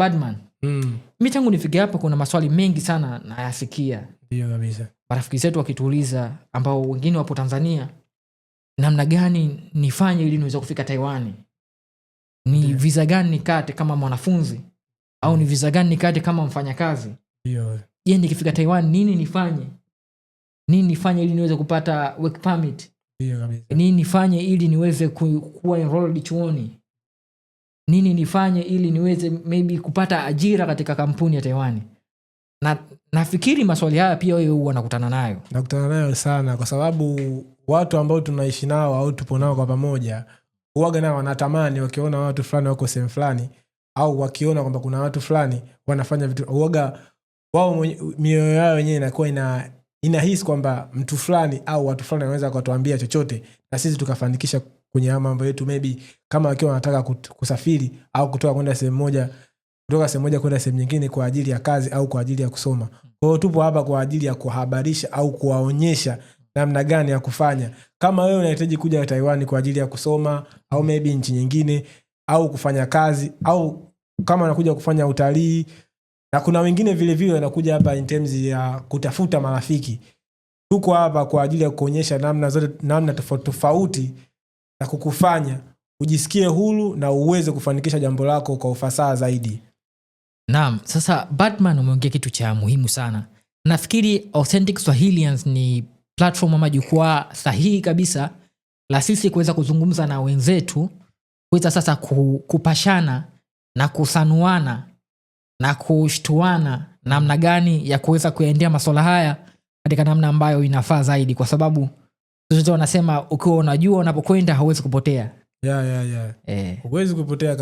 Badman. Mm. Mi tangu nifike hapa kuna maswali mengi sana nayasikia. Marafiki zetu wakituuliza ambao wengine wapo Tanzania, namna gani nifanye ili niweze kufika Taiwani? Ni yeah. viza gani nikate kama mwanafunzi mm. au ni viza gani nikate kama mfanyakazi? Je, nikifika Taiwan nini nifanye? Nini nifanye ili niweze kupata work permit? Nini nifanye ili niweze kuwa chuoni? nini nifanye ili niweze maybe kupata ajira katika kampuni ya taiwani Na nafikiri maswali haya pia wewe huu wanakutana nayo. Nakutana nayo sana, kwa sababu watu ambao tunaishi nao au tupo nao kwa pamoja huwaga nao wanatamani, wakiona watu fulani wako sehemu fulani au wakiona kwamba kuna watu fulani wanafanya vitu, huwaga wao mioyo yao wenyewe inakuwa ina inahisi kwamba mtu fulani au watu fulani wanaweza wakatuambia chochote na sisi tukafanikisha kwenye haya mambo yetu, maybe kama wakiwa wanataka kusafiri au kutoka kwenda sehemu moja kutoka sehemu moja kwenda sehemu nyingine kwa ajili ya kazi au kwa ajili ya kusoma. kwao tupo hapa kwa ajili ya kuhabarisha au kuwaonyesha namna gani ya kufanya. Kama wewe unahitaji kuja Taiwan kwa ajili ya kusoma au maybe nchi nyingine au kufanya kazi au kama unakuja kufanya utalii, na kuna wengine vile vile wanakuja hapa in terms ya kutafuta marafiki. Tuko hapa kwa ajili ya kuonyesha namna zote, namna tofauti tofauti na kukufanya ujisikie huru na uweze kufanikisha jambo lako kwa ufasaha zaidi. Naam, sasa Batman umeongea kitu cha muhimu sana. Nafikiri Authentic Swahilians ni platform ama jukwaa sahihi kabisa la sisi kuweza kuzungumza na wenzetu, kuweza sasa kupashana na kusanuana na kushtuana namna gani ya kuweza kuyaendea masuala haya katika namna ambayo inafaa zaidi, kwa sababu wanasema ukiwa unajua unapokwenda hauwezi kupotea yeah, yeah, yeah. Eh. huwezi kupotea